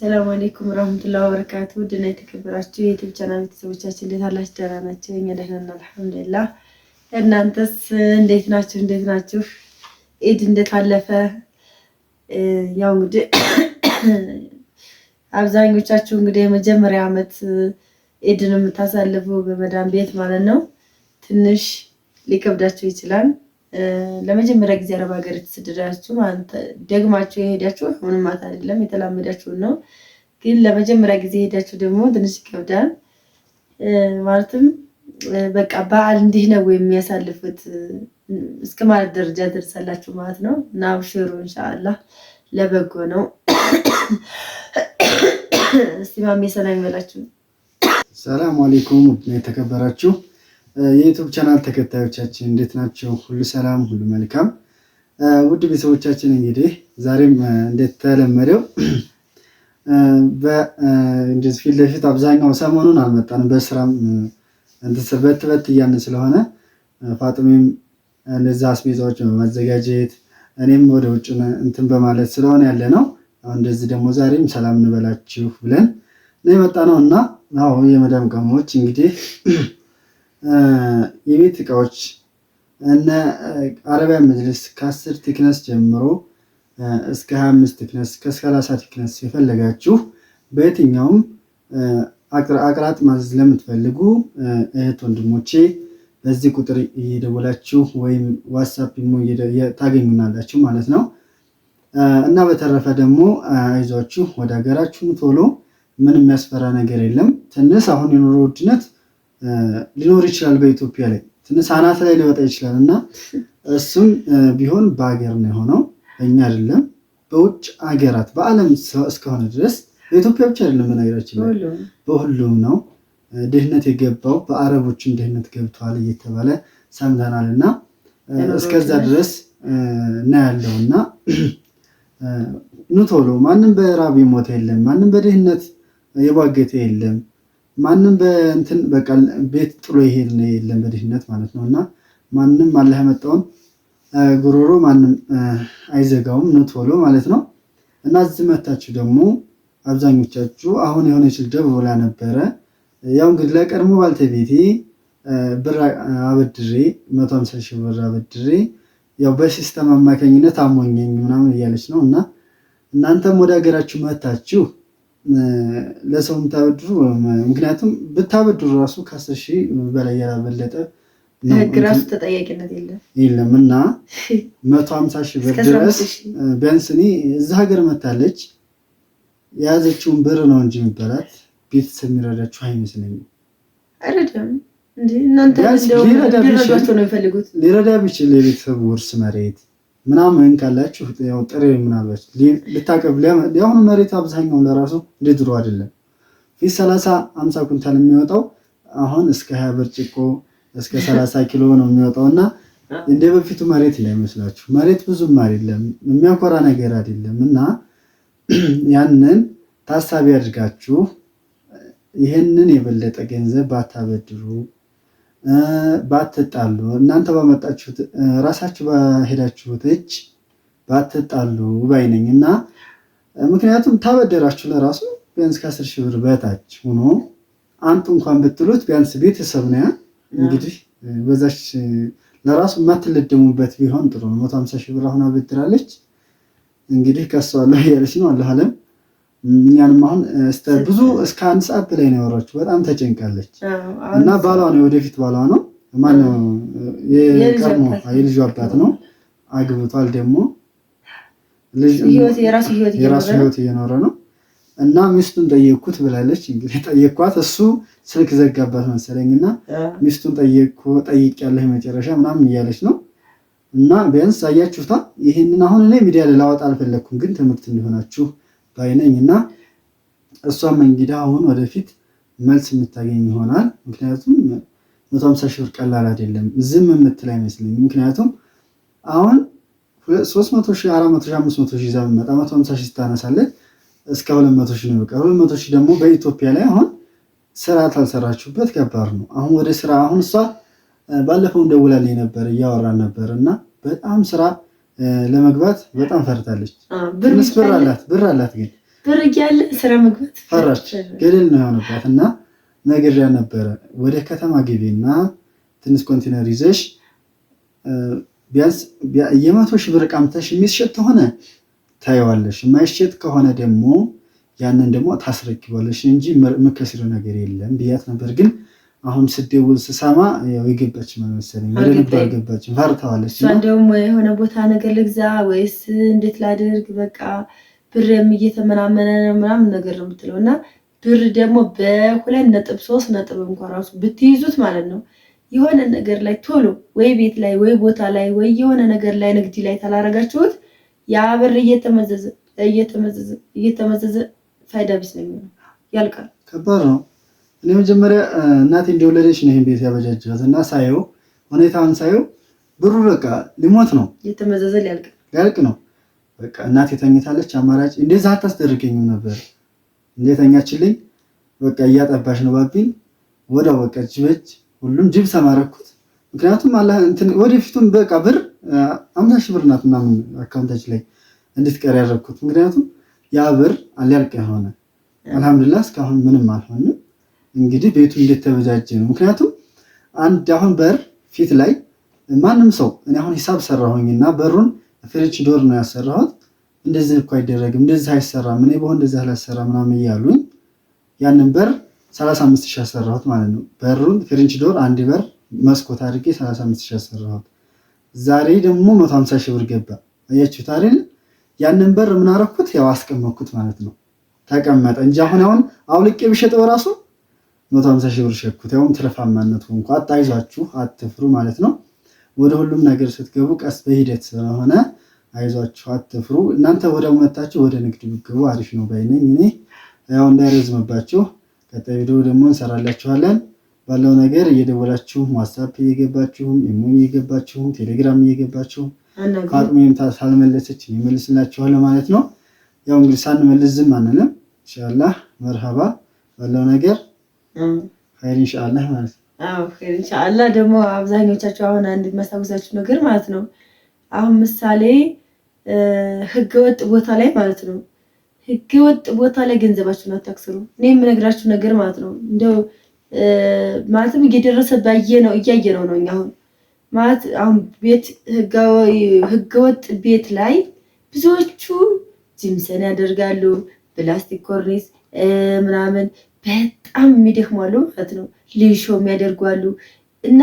ሰላም አለይኩም ረህመቱላሂ ወበረካቱ። ውድና የተከበራችሁ የዩቲዩብ ቻናል ቤተሰቦቻችን እንዴት አላችሁ? ደህና ናቸው። እኛ ደህና ነን አልሐምዱሊላህ። እናንተስ እንዴት ናችሁ? እንዴት ናችሁ? ኢድ እንዴት አለፈ? ያው እንግዲህ አብዛኞቻችሁ እንግዲህ የመጀመሪያ ዓመት ኢድን የምታሳልፉ በመዳን ቤት ማለት ነው። ትንሽ ሊከብዳችሁ ይችላል። ለመጀመሪያ ጊዜ አረብ ሀገር የተሰደዳችሁ ደግማችሁ የሄዳችሁ ምንም ማለት አይደለም፣ የተላመዳችሁን ነው። ግን ለመጀመሪያ ጊዜ የሄዳችሁ ደግሞ ትንሽ ይከብዳል። ማለትም በቃ በዓል እንዲህ ነው የሚያሳልፉት እስከ ማለት ደረጃ ደርሳላችሁ ማለት ነው። እና አብሽሩ ኢንሻአላህ ለበጎ ነው። እስቲ ማሜ ሰላም ይበላችሁ። ሰላም አሌይኩም የተከበራችሁ የዩቱብ ቻናል ተከታዮቻችን እንዴት ናቸው? ሁሉ ሰላም፣ ሁሉ መልካም። ውድ ቤተሰቦቻችን እንግዲህ ዛሬም እንደተለመደው እንደዚህ ፊት ለፊት አብዛኛው ሰሞኑን አልመጣንም፣ በስራም በትበት እያን ስለሆነ ፋጥሜም እንደዛ አስቤዛዎች በማዘጋጀት እኔም ወደ ውጭ እንትን በማለት ስለሆነ ያለ ነው። አሁን እንደዚህ ደግሞ ዛሬም ሰላም እንበላችሁ ብለን ነው የመጣ ነው እና አዎ የመዳም ቀሞች እንግዲህ የቤት እቃዎች እነ አረቢያን መጅልስ ከአስር ቲክነስ ጀምሮ እስከ 25 አምስት ቲክነስ 30 ቲክነስ የፈለጋችሁ በየትኛውም አቅራጥ ማዘዝ ለምትፈልጉ እህት ወንድሞቼ በዚህ ቁጥር እየደወላችሁ ወይም ዋትሳፕ ታገኙናላችሁ ማለት ነው። እና በተረፈ ደግሞ አይዟችሁ፣ ወደ ሀገራችሁን ቶሎ። ምን የሚያስፈራ ነገር የለም። ትንስ አሁን የኑሮ ውድነት ሊኖር ይችላል። በኢትዮጵያ ላይ ትንሽ አናት ላይ ሊወጣ ይችላል እና እሱም ቢሆን በሀገር ነው የሆነው፣ በእኛ አይደለም። በውጭ ሀገራት በዓለም እስከሆነ ድረስ በኢትዮጵያ ብቻ አይደለም፣ በነገራችን ላይ በሁሉም ነው ድህነት የገባው። በአረቦችን ድህነት ገብተዋል እየተባለ ሰምተናል። እና እስከዛ ድረስ ነው ያለው እና ኑ ቶሎ ማንም በራብ የሞተ የለም፣ ማንም በድህነት የባገተ የለም። ማንም በእንትን በቃ ቤት ጥሎ ይሄድ የለም በድህነት ማለት ነው። እና ማንም አላህ ያመጣውን ጉሮሮ ማንም አይዘጋውም ነው ቶሎ ማለት ነው። እና እዚህ መታችሁ ደግሞ አብዛኞቻችሁ አሁን የሆነ ችል ደብ ብላ ነበረ። ያው እንግዲህ ለቀድሞ ባልተቤቴ ብር አበድሬ መቶ ሃምሳ ሺህ ብር አበድሬ ያው በሲስተም አማካኝነት አሞኘኝ ምናምን እያለች ነው እና እናንተም ወደ ሀገራችሁ መታችሁ ለሰው የምታበድሩ ምክንያቱም ብታበድሩ ራሱ ከአስር ሺህ በላይ ያላበለጠ ህግ ራሱ ተጠያቂነት የለም የለም እና መቶ ሀምሳ ሺህ ብር ድረስ ቢያንስ እኔ እዛ ሀገር መታለች የያዘችውን ብር ነው እንጂ የሚበላት ቤተሰብ የሚረዳችሁ አይመስለኝም። ሊረዳ ቢችል የቤተሰብ ውርስ መሬት ምናምን ካላችሁ ጥሬ ምናልባች ልታቀብ ሊሆኑ መሬት አብዛኛው ለራሱ እንደ አይደለም። ፊት ሰላሳ አምሳ ኩንታል የሚወጣው አሁን እስከ ሀያ ብርጭቆ እስከ ሰላሳ ኪሎ ነው የሚወጣው እና እንደ በፊቱ መሬት ላይመስላችሁ መሬት ብዙም አይደለም፣ የሚያኮራ ነገር አይደለም። እና ያንን ታሳቢ አድርጋችሁ ይህንን የበለጠ ገንዘብ ባታበድሩ ባትጣሉ እናንተ ባመጣችሁት ራሳችሁ ባሄዳችሁት እጅ ባትጣሉ ባይ ነኝ እና ምክንያቱም ታበደራችሁ ለራሱ ቢያንስ ከአስር ሺህ ብር በታች ሆኖ አንቱ እንኳን ብትሉት ቢያንስ ቤተሰብ ነያ እንግዲህ በዛች ለራሱ የማትለደሙበት ቢሆን ጥሩ ነው። መቶ ሀምሳ ሺህ ብር አሁን አበድራለች እንግዲህ ከሷ ያለች ነው አለ አለም እኛንም አሁን ብዙ እስከ አንድ ሰዓት በላይ ነው ያወራችሁ። በጣም ተጨንቃለች እና ባሏ ነው ወደፊት ባሏ ነው ማነው የቀድሞ የልጁ አባት ነው። አግብቷል ደግሞ የራሱ ህይወት እየኖረ ነው እና ሚስቱን ጠየቅኩት ብላለች። እንግዲህ ጠየቅኳት፣ እሱ ስልክ ዘጋባት መሰለኝ እና ሚስቱን ጠይቄያለሁ መጨረሻ ምናምን እያለች ነው እና ቢያንስ አያችሁታ። ይህንን አሁን እኔ ሚዲያ ላወጣ አልፈለግኩም፣ ግን ትምህርት እንዲሆናችሁ ላይ ነኝ እና እሷም እንግዳ አሁን ወደፊት መልስ የምታገኝ ይሆናል። ምክንያቱም መቶ ሀምሳ ሺህ ብር ቀላል አይደለም። ዝም የምትል አይመስለኝ። ምክንያቱም አሁን ሶስት መቶ ሺህ አራት መቶ ሺህ አምስት መቶ ሺህ ይዛ ብትመጣ መቶ ሀምሳ ሺህ ስታነሳለች እስከ ሁለት መቶ ሺህ ነው የሚቀር። ሁለት መቶ ሺህ ደግሞ በኢትዮጵያ ላይ አሁን ስራ ታልሰራችሁበት ከባድ ነው። አሁን ወደ ስራ አሁን እሷ ባለፈው ደውላልኝ ነበር እያወራን ነበር እና በጣም ስራ ለመግባት በጣም ፈርታለች። ትንሽ ብር አላት ብር አላት ግን ብር እያለ ስራ መግባት ፈራች። ገደል ነው የሆነባት እና ነግሬያት ነበረ ወደ ከተማ እና ትንሽ ኮንቴነር ይዘሽ ቢያንስ የመቶ ሺህ ብር ቃምተሽ የሚሸጥ ከሆነ ታየዋለሽ፣ የማይሸጥ ከሆነ ደግሞ ያንን ደግሞ ታስረክባለሽ እንጂ ምከስሪ ነገር የለም ብያት ነበር ግን አሁን ስደውል ስሰማ የገባች መሰለኝ ወደ ገባች። ፈርተዋለች። እንደውም የሆነ ቦታ ነገር ልግዛ ወይስ እንዴት ላድርግ በቃ ብርም እየተመናመነ ምናምን ነገር ነው የምትለው እና ብር ደግሞ በሁለት ነጥብ ሶስት ነጥብ እንኳ ራሱ ብትይዙት ማለት ነው የሆነ ነገር ላይ ቶሎ ወይ ቤት ላይ ወይ ቦታ ላይ ወይ የሆነ ነገር ላይ ንግድ ላይ ታላረጋችሁት ያ ብር እየተመዘዘ እየተመዘዘ እየተመዘዘ ፋይዳ ቢስ ነው የሚሆነው። ያልቃል። ከባድ ነው። እኔ መጀመሪያ እናቴ እንደወለደች ነው ይህን ቤት ያበጃጅራት እና ሳየው ሁኔታን ሳየው ብሩ በቃ ሊሞት ነው፣ የተመዘዘ ሊያልቅ ነው። በቃ እናቴ ተኝታለች። አማራጭ እንደዛ አታስደርገኝም ነበር። እንደተኛችልኝ በቃ እያጠባሽ ነው ባቢን፣ ወዳው በቃ ጅበጅ ሁሉም ጅብ ሰማረኩት። ምክንያቱም አላህ ወደፊቱም በቃ ብር አምሳ ሺህ ብር ናት ምናምን አካውንታችን ላይ እንድትቀር ያደረግኩት ምክንያቱም ያ ብር አልያልቅ የሆነ አልሐምዱሊላህ እስካሁን ምንም አልሆንም። እንግዲህ ቤቱ እንደተበጃጀ ነው። ምክንያቱም አንድ አሁን በር ፊት ላይ ማንም ሰው እኔ አሁን ሂሳብ ሰራሁኝ እና በሩን ፍሬንች ዶር ነው ያሰራሁት። እንደዚህ እኮ አይደረግም፣ እንደዚህ አይሰራም፣ እኔ በሆን እንደዚህ አላሰራ ምናምን እያሉኝ ያንን በር 35 ሺህ ያሰራሁት ማለት ነው። በሩን ፍሬንች ዶር አንድ በር መስኮት አድርጌ 35 ሺህ ያሰራሁት። ዛሬ ደግሞ 150 ሺህ ብር ገባ። አያችሁት አይደል? ያንን በር ምን ያው አስቀመኩት ማለት ነው። ተቀመጠ እንጂ አሁን አሁን አውልቄ ብሸጠው ራሱ መቶ ሀምሳ ሺህ ብር ሸኩት። ያውም ትረፋማነቱ እንኳ አይዟችሁ፣ አትፍሩ ማለት ነው። ወደ ሁሉም ነገር ስትገቡ ቀስ በሂደት ስለሆነ አይዟችሁ፣ አትፍሩ። እናንተ ወደ መታችሁ ወደ ንግድ ብትገቡ አሪፍ ነው ባይነኝ እኔ። ያው እንዳይረዝምባችሁ ቀጣይ ቪዲዮ ደግሞ እንሰራላችኋለን። ባለው ነገር እየደወላችሁም ዋትሳፕ እየገባችሁም ኢሞን እየገባችሁም ቴሌግራም እየገባችሁም አቅሜም ሳልመለሰች እየመልስላችኋለሁ ማለት ነው። ያው እንግዲህ ሳንመልስ ዝም አንልም። ኢንሻላህ መርሃባ ባለው ነገር ኸይር ኢንሻአላህ ማለት ነው። አዎ ኸይር ኢንሻአላህ። ደግሞ አብዛኞቻችሁ አሁን አንድ የሚያስታውሳችሁ ነገር ማለት ነው አሁን ምሳሌ ህገወጥ ቦታ ላይ ማለት ነው ህገወጥ ቦታ ላይ ገንዘባችሁን አታክስሩ። እኔ የምነግራችሁ ነገር ማለት ነው እንደው ማለትም እየደረሰ ባየ ነው እያየ ነው ነው አሁን ማለት አሁን ቤት ህገወጥ ቤት ላይ ብዙዎቹ ጅምሰን ያደርጋሉ፣ ፕላስቲክ ኮርኒስ ምናምን በጣም የሚደክሟሉ ማለት ነው። ልሾ የሚያደርጓሉ እና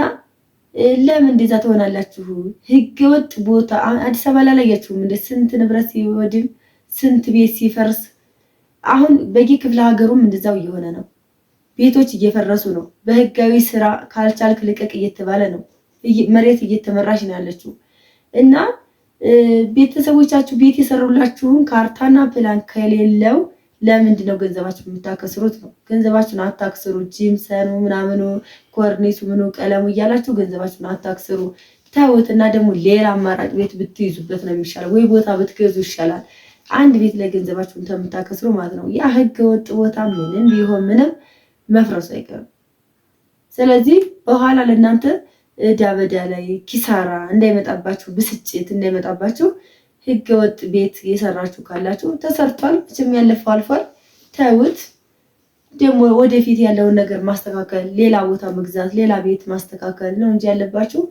ለምን እንደዛ ትሆናላችሁ? ህገ ወጥ ቦታ አዲስ አበባ ላላያችሁም እንደ ስንት ንብረት ሲወድም ስንት ቤት ሲፈርስ፣ አሁን በየ ክፍለ ሀገሩም እንደዛው እየሆነ ነው። ቤቶች እየፈረሱ ነው። በህጋዊ ስራ ካልቻልክ ልቀቅ እየተባለ ነው። መሬት እየተመራሽ ነው ያለችው እና ቤተሰቦቻችሁ ቤት የሰሩላችሁን ካርታና ፕላን ከሌለው ለምንድን ነው ገንዘባችን የምታከስሩት? ነው ገንዘባችን አታክስሩ። ጂምሰኑ ምናምኑ ኮርኒሱ ምኑ ቀለሙ እያላችሁ ገንዘባችን አታክስሩ። ታወትና ደግሞ ሌላ አማራጭ ቤት ብትይዙበት ነው የሚሻለው፣ ወይ ቦታ ብትገዙ ይሻላል። አንድ ቤት ላይ ገንዘባችሁን ተምታከስሩ ማለት ነው። ያ ህገ ወጥ ቦታ ምንም ቢሆን ምንም መፍረሱ አይቀርም። ስለዚህ በኋላ ለእናንተ እዳ በዳ ላይ ኪሳራ እንዳይመጣባችሁ፣ ብስጭት እንዳይመጣባችሁ ህገ ወጥ ቤት የሰራችሁ ካላችሁ ተሰርቷል፣ መቼም ያለፈው አልፏል፣ ተውት። ደግሞ ወደፊት ያለውን ነገር ማስተካከል፣ ሌላ ቦታ መግዛት፣ ሌላ ቤት ማስተካከል ነው እንጂ ያለባችሁ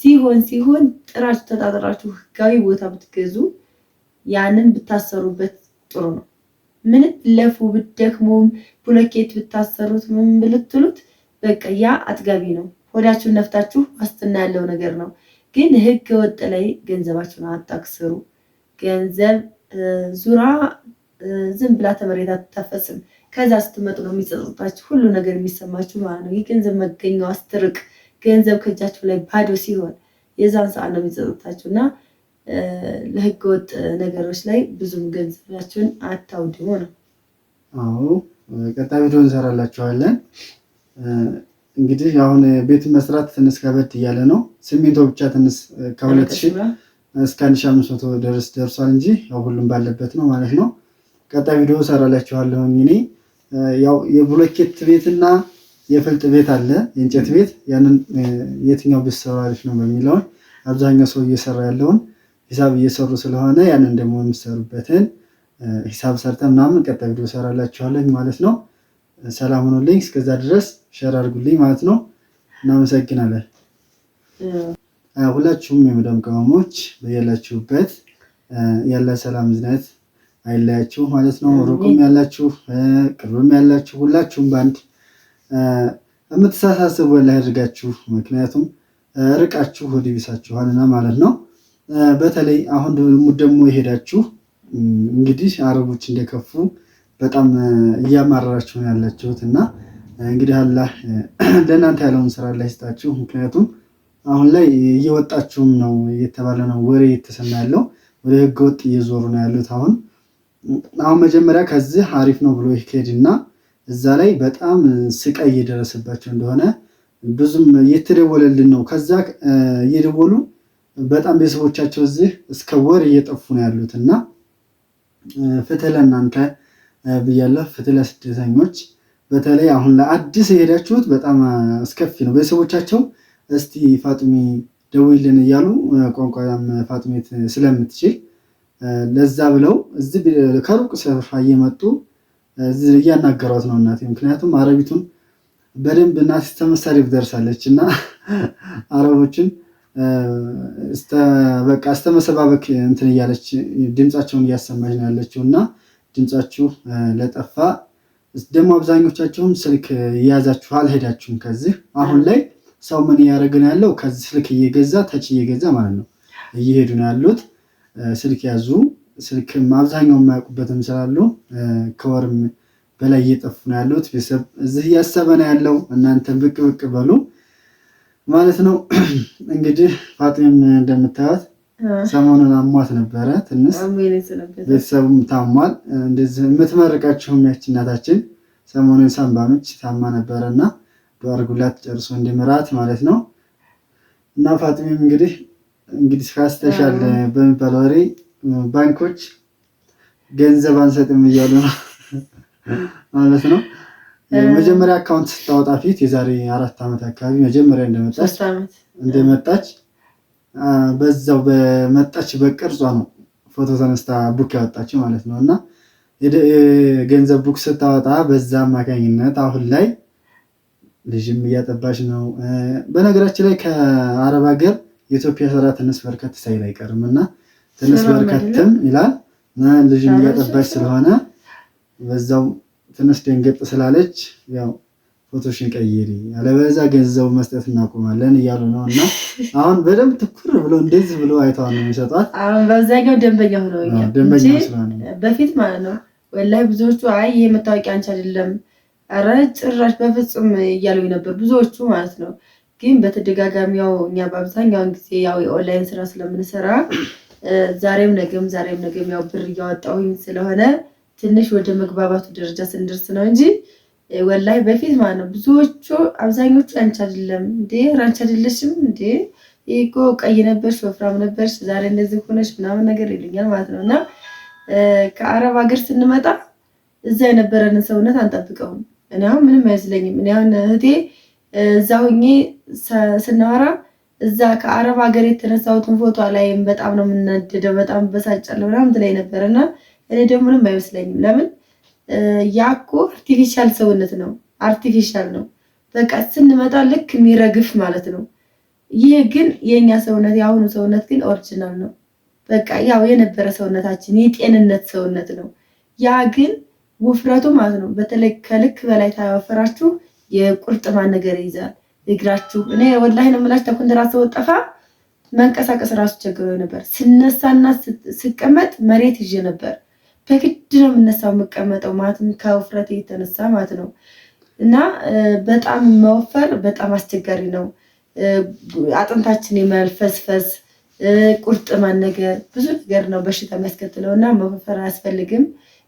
ሲሆን ሲሆን ጥራችሁ ተጣጥራችሁ ህጋዊ ቦታ ብትገዙ ያንን ብታሰሩበት ጥሩ ነው። ምን ለፉ ብትደክሙም ብሎኬት ብታሰሩት ምን ብልትሉት በቃ ያ አጥጋቢ ነው። ሆዳችሁን ነፍታችሁ ዋስትና ያለው ነገር ነው። ግን ህገ ወጥ ላይ ገንዘባችሁን አታክስሩ። ገንዘብ ዙራ ዝም ብላ ተመሬት አታፈስም። ከዛ ስትመጡ ነው የሚጸጽባችሁ ሁሉ ነገር የሚሰማችሁ ማለት ነው። የገንዘብ መገኛው አስትርቅ ገንዘብ ከእጃችሁ ላይ ባዶ ሲሆን የዛን ሰዓት ነው የሚጸጽታችሁ እና ለህገወጥ ነገሮች ላይ ብዙም ገንዘባችሁን አታውድሞ ነው። አዎ ቀጣይ ቪዲዮ እንሰራላችኋለን። እንግዲህ አሁን ቤት መስራት ትንሽ ከበድ እያለ ነው። ሲሚንቶ ብቻ ትንሽ ከሁለት ሺህ እስከ 1500 ሺ አምስት ድረስ ደርሷል እንጂ ያው ሁሉም ባለበት ነው ማለት ነው። ቀጣይ ቪዲዮ ሰራላችኋለሁ። እኔ ያው የብሎኬት ቤትና የፍልጥ ቤት አለ የእንጨት ቤት ያንን የትኛው ቢሰራ አሪፍ ነው በሚለውን አብዛኛው ሰው እየሰራ ያለውን ሂሳብ እየሰሩ ስለሆነ ያንን ደግሞ የሚሰሩበትን ሂሳብ ሰርተን ምናምን ቀጣይ ቪዲዮ ሰራላችኋለኝ ማለት ነው። ሰላም ሆኖልኝ እስከዛ ድረስ ሸር አድርጉልኝ ማለት ነው። እናመሰግናለን። ሁላችሁም የመዳም ቅመሞች በያላችሁበት ያለ ሰላም ዝነት አይለያችሁ ማለት ነው። ሩቁም ያላችሁ ቅርብም ያላችሁ ሁላችሁም በአንድ የምትሳሳስቡ ላይ አድርጋችሁ፣ ምክንያቱም ርቃችሁ ወደ ቢሳችኋልና ማለት ነው። በተለይ አሁን ደግሞ የሄዳችሁ እንግዲህ አረቦች እንደከፉ በጣም እያማረራችሁ ነው ያላችሁት እና እንግዲህ አላህ ለእናንተ ያለውን ስራ ላይ ስጣችሁ ምክንያቱም አሁን ላይ እየወጣችሁም ነው እየተባለ ነው ወሬ የተሰማ ያለው። ወደ ወጥ እየዞሩ ነው ያሉት። አሁን አሁን መጀመሪያ ከዚህ አሪፍ ነው ብሎ ይሄድ እና እዛ ላይ በጣም ስቃይ እየደረሰባቸው እንደሆነ ብዙም እየተደወለልን ነው። ከዛ እየደወሉ በጣም ቤተሰቦቻቸው እዚህ እስከ ወር እየጠፉ ነው ያሉት እና ፍትህ ለእናንተ ብያለሁ። ፍትህ ለስደተኞች በተለይ አሁን ለአዲስ የሄዳችሁት በጣም አስከፊ ነው ቤተሰቦቻቸው እስቲ ፋጥሜ ደውይልን እያሉ ቋንቋም ፋጥሜት ስለምትችል ለዛ ብለው እዚህ ከሩቅ ስፍራ እየመጡ እያናገሯት ነው እናቴ። ምክንያቱም አረቢቱን በደንብ እናቴ ተመሳሪፍ ደርሳለች እና አረቦችን በቃ ስተመሰባበክ እንትን እያለች ድምፃቸውን እያሰማች ነው ያለችው። እና ድምፃችሁ ለጠፋ ደግሞ አብዛኞቻቸውም ስልክ እያያዛችሁ አልሄዳችሁም ከዚህ አሁን ላይ ሰው ምን እያደረገ ነው ያለው? ከዚህ ስልክ እየገዛ ተች እየገዛ ማለት ነው እየሄዱ ነው ያሉት። ስልክ ያዙ። ስልክም አብዛኛው የማያውቁበትም ስላሉ ከወርም በላይ እየጠፉ ነው ያሉት። ቤተሰብ እዚህ እያሰበ ነው ያለው። እናንተም ብቅ ብቅ በሉ ማለት ነው። እንግዲህ ፋጢም እንደምታዩት ሰሞኑን አሟት ነበረ ትንሽ ቤተሰቡም ታሟል። እንደዚህ የምትመርቃቸው ያች እናታችን ሰሞኑን ሳምባ ምች ታማ ነበረ እና አድርጉላት ጨርሶ እንዲምራት ማለት ነው። እና ፋጥሜም እንግዲህ እንግዲህ ካስተሻል በሚባል ወሬ ባንኮች ገንዘብ አንሰጥም እያሉ ነው ማለት ነው። መጀመሪያ አካውንት ስታወጣ ፊት የዛሬ አራት ዓመት አካባቢ መጀመሪያ እንደመጣች እንደመጣች በዛው በመጣች በቅርጿ ነው ፎቶ ተነስታ ቡክ ያወጣችው ማለት ነው። እና የገንዘብ ቡክ ስታወጣ በዛ አማካኝነት አሁን ላይ ልጅም እያጠባች ነው። በነገራችን ላይ ከአረብ ሀገር የኢትዮጵያ ስራ ትንሽ በርከት ሳይል አይቀርም እና ትንሽ በርከትም ይላል ልጅም እያጠባች ስለሆነ በዛው ትንሽ ደንገጥ ስላለች ያው ፎቶሽን ቀይሪ አለበዛ ገንዘቡ መስጠት እናቆማለን እያሉ ነው። እና አሁን በደንብ ትኩር ብሎ እንደዚህ ብሎ አይተዋ ነው የሚሰጧት። በዛኛው ደንበኛ ሆነ ደንበኛ ስለሆነ በፊት ማለት ነው ወላሂ ብዙዎቹ አይ ይሄ መታወቂያ አንቺ አይደለም ኧረ ጭራሽ በፍጹም እያለው ነበር ብዙዎቹ ማለት ነው። ግን በተደጋጋሚ ያው እኛ በአብዛኛውን ጊዜ ያው የኦንላይን ስራ ስለምንሰራ ዛሬም ነገም ዛሬም ነገም ያው ብር እያወጣሁኝ ስለሆነ ትንሽ ወደ መግባባቱ ደረጃ ስንደርስ ነው እንጂ ወላይ በፊት ማለት ነው ብዙዎቹ አብዛኞቹ አንቺ አይደለም እንዴ አንቺ አይደለሽም እንዴ ይህ እኮ ቀይ ነበርሽ ወፍራም ነበርሽ ዛሬ እንደዚህ ሆነሽ ምናምን ነገር ይሉኛል ማለት ነው። እና ከአረብ ሀገር ስንመጣ እዛ የነበረንን ሰውነት አንጠብቀውም። እኔ አሁን ምንም አይመስለኝም። እኔ አሁን እህቴ እዛ ሁኜ ስናወራ እዛ ከአረብ ሀገር የተነሳሁትን ፎቶ ላይም በጣም ነው የምናደደው፣ በጣም በሳጫለ ምናምን ትለኝ ነበር። እና እኔ ደግሞ ምንም አይመስለኝም። ለምን ያ እኮ አርቲፊሻል ሰውነት ነው፣ አርቲፊሻል ነው። በቃ ስንመጣ ልክ የሚረግፍ ማለት ነው። ይህ ግን የእኛ ሰውነት የአሁኑ ሰውነት ግን ኦሪጂናል ነው። በቃ ያው የነበረ ሰውነታችን የጤንነት ሰውነት ነው። ያ ግን ውፍረቱ ማለት ነው። በተለይ ከልክ በላይ ታወፈራችሁ የቁርጥማን ነገር ይዛል እግራችሁ። እኔ ወላሂ ነው የምላችሁ ተኩንትራ ሰው ጠፋ መንቀሳቀስ ራሱ ቸግሮ ነበር። ስነሳና ስቀመጥ መሬት ይዤ ነበር። በግድ ነው የምነሳው የምቀመጠው ማለት ከውፍረት የተነሳ ማለት ነው። እና በጣም መወፈር በጣም አስቸጋሪ ነው። አጥንታችን የመልፈስፈስ ቁርጥማን ነገር ብዙ ነገር ነው በሽታ የሚያስከትለው እና መወፈር አያስፈልግም።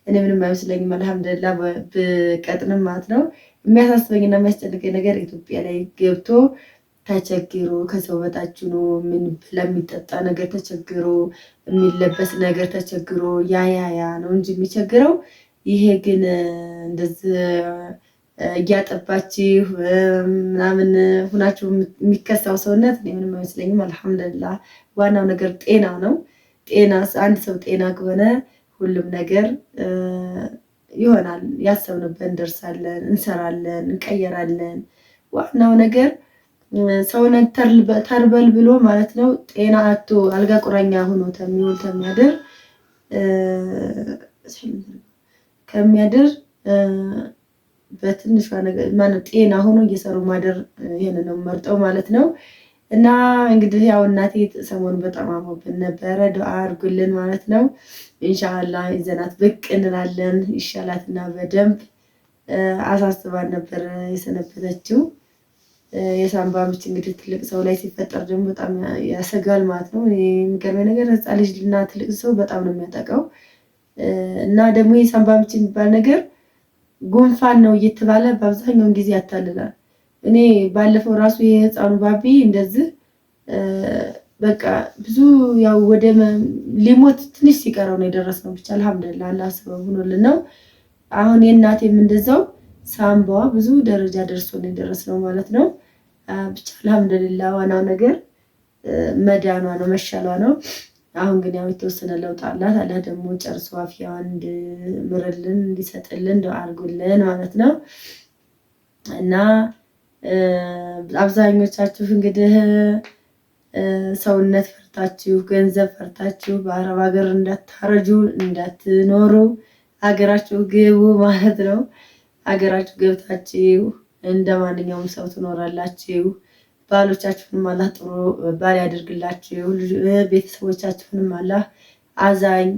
እኔ ምንም አይመስለኝም። አልሐምድላ ብቀጥንም ማለት ነው። የሚያሳስበኝና የሚያስጨንቀኝ ነገር ኢትዮጵያ ላይ ገብቶ ተቸግሮ ከሰው በታችኖ ምን ለሚጠጣ ነገር ተቸግሮ የሚለበስ ነገር ተቸግሮ ያያያ ነው እንጂ የሚቸግረው ይሄ ግን እንደዚህ እያጠባችሁ ምናምን ሁናችሁ የሚከሳው ሰውነት እኔ ምንም አይመስለኝም። አልሐምድላ ዋናው ነገር ጤና ነው። ጤና አንድ ሰው ጤና ከሆነ ሁሉም ነገር ይሆናል። ያሰብንበት እንደርሳለን፣ እንሰራለን፣ እንቀየራለን። ዋናው ነገር ሰውነት ተርበል ብሎ ማለት ነው ጤና አቶ አልጋ ቁራኛ ሆኖ ተሚሆን ተሚያድር ከሚያድር በትንሿ ነገር ጤና ሆኖ እየሰሩ ማደር ይሄንን ነው መርጠው ማለት ነው። እና እንግዲህ ያው እናቴ ሰሞኑ በጣም አሞብን ነበረ። ዱዓ አድርጉልን ማለት ነው። ኢንሻአላ ይዘናት ብቅ እንላለን። ይሻላትና በደንብ አሳስባን ነበር የሰነበተችው። የሳምባ ምች እንግዲህ ትልቅ ሰው ላይ ሲፈጠር ደግሞ በጣም ያሰጋል ማለት ነው። የሚገርመኝ ነገር ህፃ ልጅ እና ትልቅ ሰው በጣም ነው የሚያጠቀው እና ደግሞ የሳምባ ምች የሚባል ነገር ጉንፋን ነው እየተባለ በአብዛኛውን ጊዜ ያታልላል። እኔ ባለፈው ራሱ የህፃኑ ባቢ እንደዚህ በቃ ብዙ ያው ወደ ሊሞት ትንሽ ሲቀረው ነው የደረስነው። ብቻ አልሐምዱሊላህ አላህ ሆኖልን ነው። አሁን የእናቴም እንደዛው ሳምባዋ ብዙ ደረጃ ደርሶ ነው የደረስነው ማለት ነው። ብቻ አልሐምዱሊላህ ዋናው ነገር መዳኗ ነው መሻሏ ነው። አሁን ግን ያው የተወሰነ ለውጥ አላት። አላህ ደግሞ ጨርሶ አፍያዋን እንዲምርልን እንዲሰጥልን እንደ አርጉልን ማለት ነው እና አብዛኞቻችሁ እንግዲህ ሰውነት ፈርታችሁ፣ ገንዘብ ፈርታችሁ በአረብ ሀገር እንዳታረጁ እንዳትኖሩ ሀገራችሁ ግቡ ማለት ነው። ሀገራችሁ ገብታችሁ እንደ ማንኛውም ሰው ትኖራላችሁ። ባሎቻችሁንም አላህ ጥሩ ባል ያደርግላችሁ። ቤተሰቦቻችሁንም አላህ አዛኝ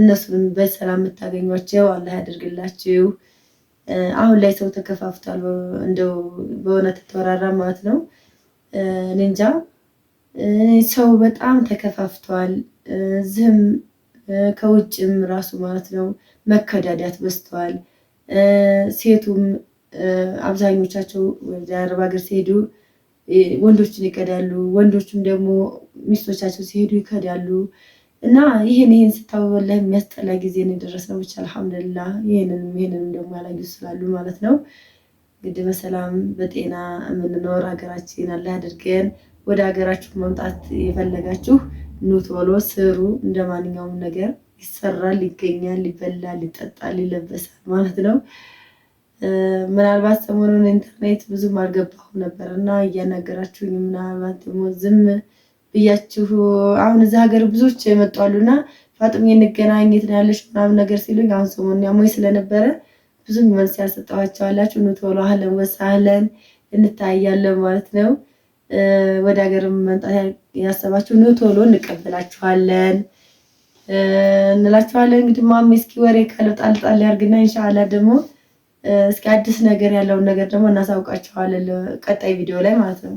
እነሱንም በሰላም የምታገኟቸው አላህ ያደርግላችሁ። አሁን ላይ ሰው ተከፋፍቷል። እንደው በሆነ ተተወራራ ማለት ነው። እንጃ ሰው በጣም ተከፋፍቷል። እዚህም ከውጭም ራሱ ማለት ነው መከዳዳት በዝተዋል። ሴቱም አብዛኞቻቸው ወደ አረብ ሀገር ሲሄዱ ወንዶችን ይከዳሉ፣ ወንዶቹም ደግሞ ሚስቶቻቸው ሲሄዱ ይከዳሉ። እና ይህን ይህን ስታበበላህ የሚያስጠላ ጊዜ ነው የደረሰ። ብቻ አልሐምዱሊላ ይህንን ይህንን ደግሞ ያላዩ ስላሉ ማለት ነው። እንግዲህ በሰላም በጤና የምንኖር ሀገራችን አለ አድርገን። ወደ ሀገራችሁ መምጣት የፈለጋችሁ ኑ ቶሎ ስሩ። እንደ ማንኛውም ነገር ይሰራል፣ ይገኛል፣ ሊበላል፣ ሊጠጣል፣ ይለበሳል ማለት ነው። ምናልባት ሰሞኑን ኢንተርኔት ብዙም አልገባሁም ነበር እና እያናገራችሁኝ ምናልባት ደግሞ ዝም ብያችሁ አሁን እዚህ ሀገር ብዙዎች መጧሉና ፋጥሜ እንገናኘት ነው ያለሽ ምናምን ነገር ሲሉኝ አሁን ሰሞኑን ያሞኝ ስለነበረ ብዙም መልስ ያሰጠዋቸዋላችሁ ኑ ቶሎ አህለን ወሳህለን እንታያለን ማለት ነው። ወደ ሀገር መምጣት ያሰባችሁ ኑ ቶሎ እንቀበላችኋለን እንላችኋለን። እንግዲህ ማሜ እስኪ ወሬ ካለው ጣልጣል ያርግና ኢንሻአላ ደግሞ እስኪ አዲስ ነገር ያለውን ነገር ደግሞ እናሳውቃችኋለን ቀጣይ ቪዲዮ ላይ ማለት ነው።